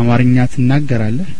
አማርኛ ትናገራለህ